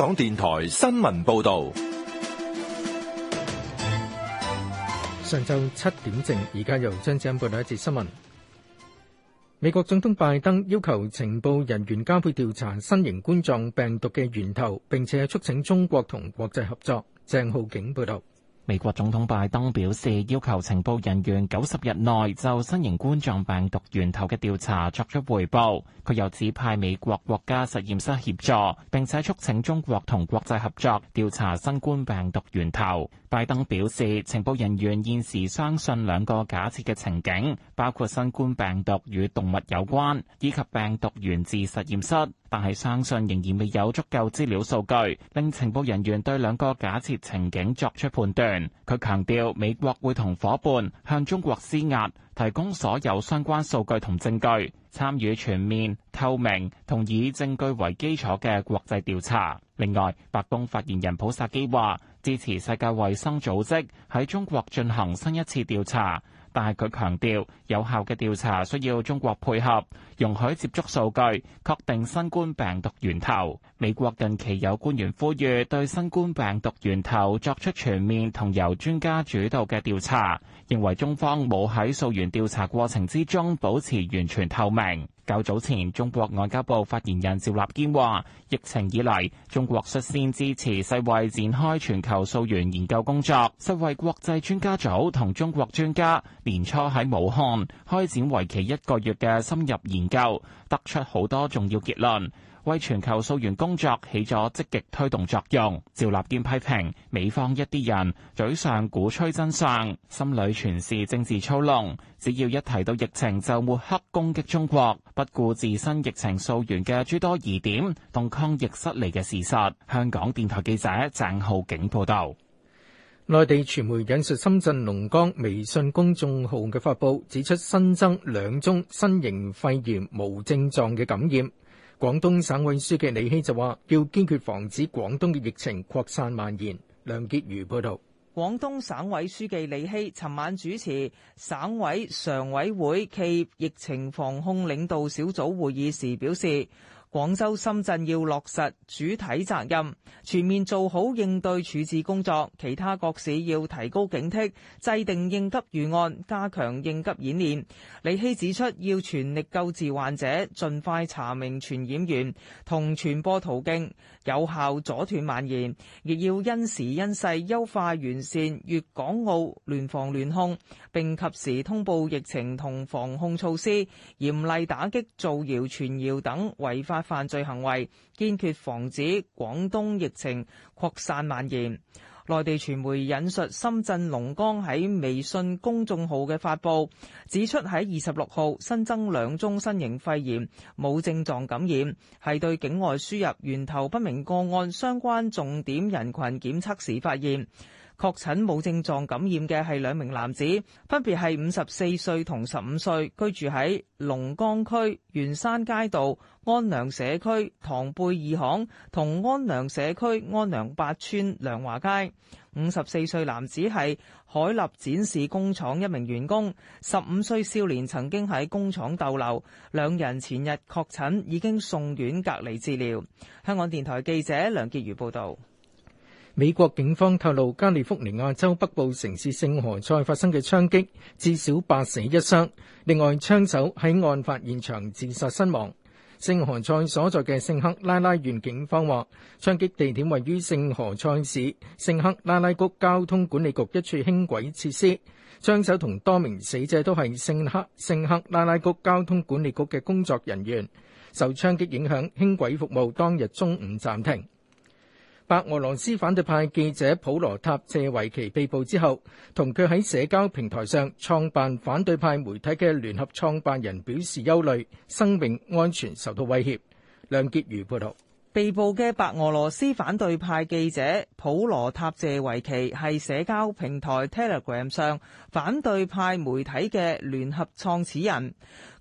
港電台新聞報道：上晝七點正，而家由張子欣報道一節新聞。美國總統拜登要求情報人員加倍調查新型冠狀病毒嘅源頭，並且促請中國同國際合作。鄭浩景報道。美國總統拜登表示，要求情報人員九十日內就新型冠狀病毒源頭嘅調查作出回報。佢又指派美國國家實驗室協助，並且促請中國同國際合作調查新冠病毒源頭。拜登表示，情報人員現時相信兩個假設嘅情景，包括新冠病毒與動物有關，以及病毒源自實驗室。但係相信仍然未有足夠資料數據，令情報人員對兩個假設情景作出判斷。佢強調，美國會同夥伴向中國施壓，提供所有相關數據同證據，參與全面、透明同以證據為基礎嘅國際調查。另外，白宮發言人普薩基話，支持世界衛生組織喺中國進行新一次調查。但係佢強調，有效嘅調查需要中國配合，容許接觸數據，確定新冠病毒源頭。美國近期有官員呼籲對新冠病毒源頭作出全面同由專家主導嘅調查，認為中方冇喺溯源調查過程之中保持完全透明。較早前，中國外交部發言人趙立堅話：疫情以嚟，中國率先支持世衛展開全球溯源研究工作，世衛國際專家組同中國專家年初喺武漢開展為期一個月嘅深入研究，得出好多重要結論。為全球溯源工作起咗積極推動作用。趙立堅批評美方一啲人嘴上鼓吹真相，心裏全是政治操弄。只要一提到疫情，就抹黑攻擊中國，不顧自身疫情溯源嘅諸多疑點，同抗疫失利嘅事實。香港電台記者鄭浩景報道。內地傳媒引述深圳龍崗微信公衆號嘅發布，指出新增兩宗新型肺炎無症狀嘅感染。廣東省委書記李希就話，要堅決防止廣東嘅疫情擴散蔓延。梁潔瑜報道，廣東省委書記李希尋晚主持省委常委會暨疫情防控領導小組會議時表示，廣州、深圳要落實主體責任，全面做好應對處置工作；其他各市要提高警惕，制定應急預案，加強應急演練。李希指出，要全力救治患者，盡快查明傳染源同傳播途徑，有效阻斷蔓延；亦要因時因勢優化完善粵港澳聯防聯控，並及時通報疫情同防控措施，嚴厲打擊造謠傳謠等違法。犯罪行為，堅決防止廣東疫情擴散蔓延。內地傳媒引述深圳龍崗喺微信公眾號嘅發佈，指出喺二十六號新增兩宗新型肺炎，冇症狀感染，係對境外輸入源頭不明個案相關重點人群檢測時發現。確診冇症狀感染嘅係兩名男子，分別係五十四歲同十五歲，居住喺龍崗區元山街道安良社區塘貝二巷同安良社區安良八村良華街。五十四歲男子係海立展示工廠一名員工，十五歲少年曾經喺工廠逗留。兩人前日確診，已經送院隔離治療。香港電台記者梁潔如報導。美國警方透露，加利福尼亞州北部城市聖何塞發生嘅槍擊，至少八死一傷。另外，槍手喺案發現場自殺身亡。聖何塞所在嘅聖克拉拉縣警方話，槍擊地點位於聖何塞市聖克拉拉谷交通管理局一處輕軌設施。槍手同多名死者都係聖克聖克拉拉谷交通管理局嘅工作人員。受槍擊影響，輕軌服務當日中午暫停。白俄羅斯反對派記者普羅塔謝維奇被捕之後，同佢喺社交平台上創辦反對派媒體嘅聯合創辦人表示憂慮，生命安全受到威脅。梁潔如報導。寶寶被捕嘅白俄羅斯反對派記者普羅塔謝維奇係社交平台 Telegram 上反對派媒體嘅聯合創始人。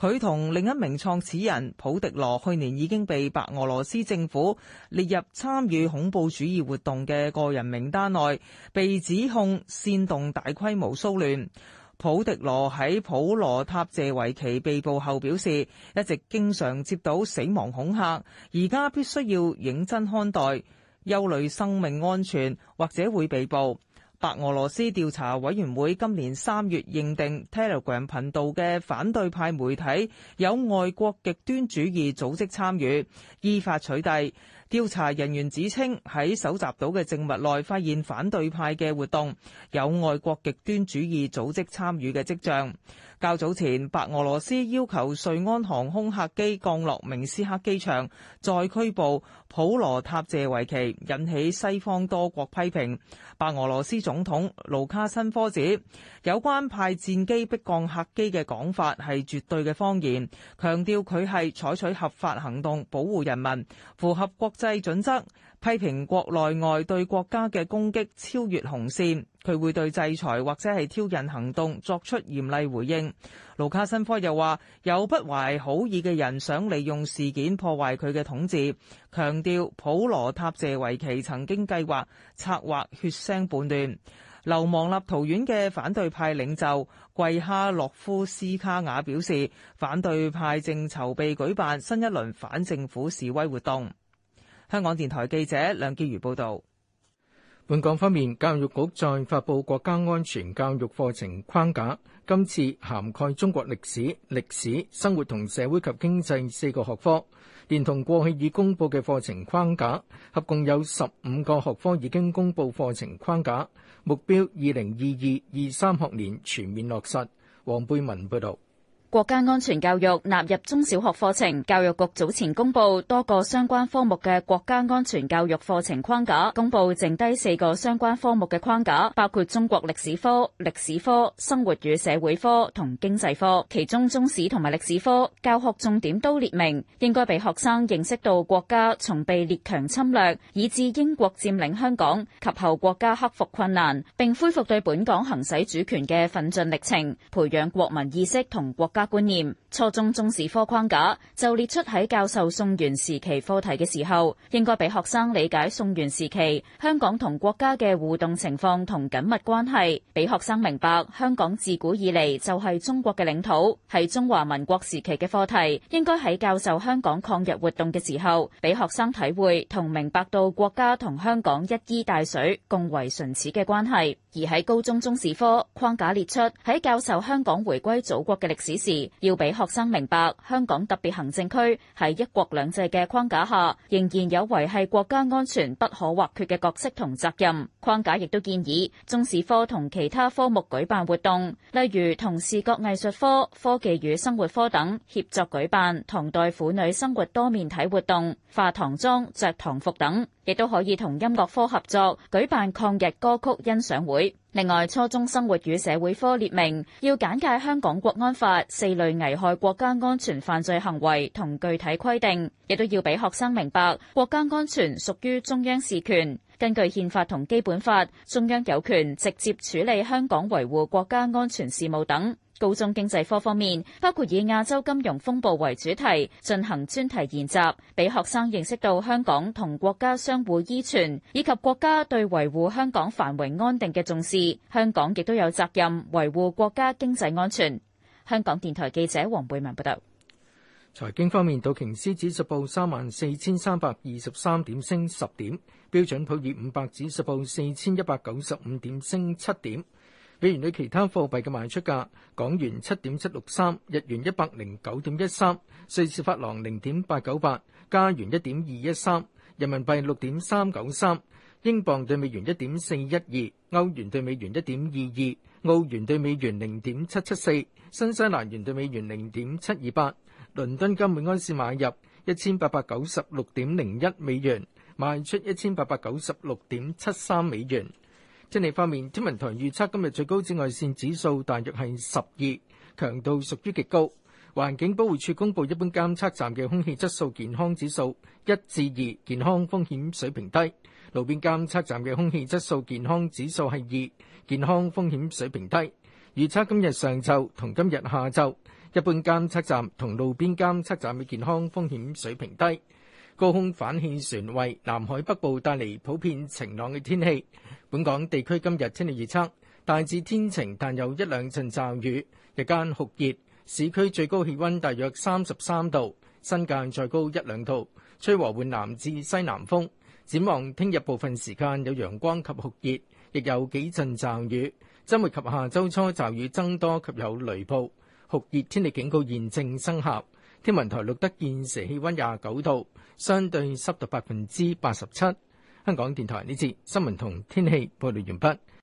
佢同另一名創始人普迪羅去年已經被白俄羅斯政府列入參與恐怖主義活動嘅個人名單內，被指控煽動大規模騷亂。普迪羅喺普羅塔謝維奇被捕後表示，一直經常接到死亡恐嚇，而家必須要認真看待，憂慮生命安全或者會被捕。白俄羅斯調查委員會今年三月認定 Telegram 頻道嘅反對派媒體有外國極端主義組織參與，依法取締。調查人員指稱喺搜集到嘅證物內發現反對派嘅活動，有外國極端主義組織參與嘅跡象。較早前，白俄羅斯要求瑞安航空客機降落明斯克機場，再拘捕普羅塔謝維奇，引起西方多國批評。白俄羅斯總統盧卡申科指，有關派戰機逼降客機嘅講法係絕對嘅謊言，強調佢係採取合法行動保護人民，符合國際制準則批評國內外對國家嘅攻擊超越紅線，佢會對制裁或者係挑釁行動作出嚴厲回應。盧卡申科又話有不懷好意嘅人想利用事件破壞佢嘅統治，強調普羅塔謝維奇曾經計劃策劃血腥叛亂。流亡立陶宛嘅反對派領袖季哈洛夫斯卡雅表示，反對派正籌備舉辦新一輪反政府示威活動。香港電台記者梁建茹報道。本港方面，教育局再發布國家安全教育課程框架，今次涵蓋中國歷史、歷史、生活同社會及經濟四個學科，連同過去已公布嘅課程框架，合共有十五個學科已經公布課程框架，目標二零二二二三學年全面落實。黃貝文報道。國家安全教育納入中小學課程，教育局早前公布多個相關科目嘅國家安全教育課程框架，公布剩低四個相關科目嘅框架，包括中國歷史科、歷史科、生活與社會科同經濟科。其中中史同埋歷史科教學重點都列明，應該被學生認識到國家從被列強侵略，以致英國佔領香港及後國家克服困難並恢復對本港行使主權嘅奮進歷程，培養國民意識同國家觀念，初中中史科框架就列出喺教授宋元時期課題嘅時候，應該俾學生理解宋元時期香港同國家嘅互動情況同緊密關係，俾學生明白香港自古以嚟就係中國嘅領土，係中華民國時期嘅課題應該喺教授香港抗日活動嘅時候，俾學生體會同明白到國家同香港一衣帶水、共為唇齒嘅關係。而喺高中中史科框架列出喺教授香港回歸祖國嘅歷史時，要俾學生明白，香港特別行政區喺一國兩制嘅框架下，仍然有維繫國家安全不可或缺嘅角色同責任。框架亦都建議，中史科同其他科目舉辦活動，例如同視覺藝術科、科技與生活科等協作舉辦唐代婦女生活多面體活動、化唐裝、着唐服等，亦都可以同音樂科合作舉辦抗日歌曲欣賞會。另外，初中生活與社會科列明要簡介香港國安法四類危害國家安全犯罪行為同具體規定，亦都要俾學生明白國家安全屬於中央事權，根據憲法同基本法，中央有權直接處理香港維護國家安全事務等。高中經濟科方面，包括以亞洲金融風暴為主題進行專題研習，俾學生認識到香港同國家相互依存，以及國家對維護香港繁榮安定嘅重視。香港亦都有責任維護國家經濟安全。香港電台記者黃貝文報道。財經方面，道瓊斯指數報三萬四千三百二十三點，升十點；標準普爾五百指數報四千一百九十五點，升七點。美元對其他貨幣嘅賣出價：港元七點七六三，日元一百零九點一三，瑞士法郎零點八九八，加元一點二一三，人民幣六點三九三，英鎊對美元一點四一二，歐元對美元一點二二，澳元對美元零點七七四，新西蘭元對美元零點七二八。倫敦金每安士買入一千八百九十六點零一美元，賣出一千八百九十六點七三美元。天氣方面，天文台預測今日最高紫外線指數大約係十二，強度屬於極高。環境保護署公佈一般監測站嘅空氣質素健康指數一至二，2，健康風險水平低；路邊監測站嘅空氣質素健康指數係二，健康風險水平低。預測今日上晝同今日下晝，一般監測站同路邊監測站嘅健康風險水平低。高空反氣旋為南海北部帶嚟普遍晴朗嘅天氣。本港地區今日天氣預測大致天晴，但有一兩陣驟雨。日間酷熱，市區最高氣温大約三十三度，新界再高一兩度。吹和緩南至西南風。展望聽日部分時間有陽光及酷熱，亦有幾陣驟雨。周末及下周初驟雨增多及有雷暴，酷熱天氣警告現正生效。天文台錄得現時氣溫廿九度，相對濕度百分之八十七。香港電台呢節新聞同天氣報道完畢。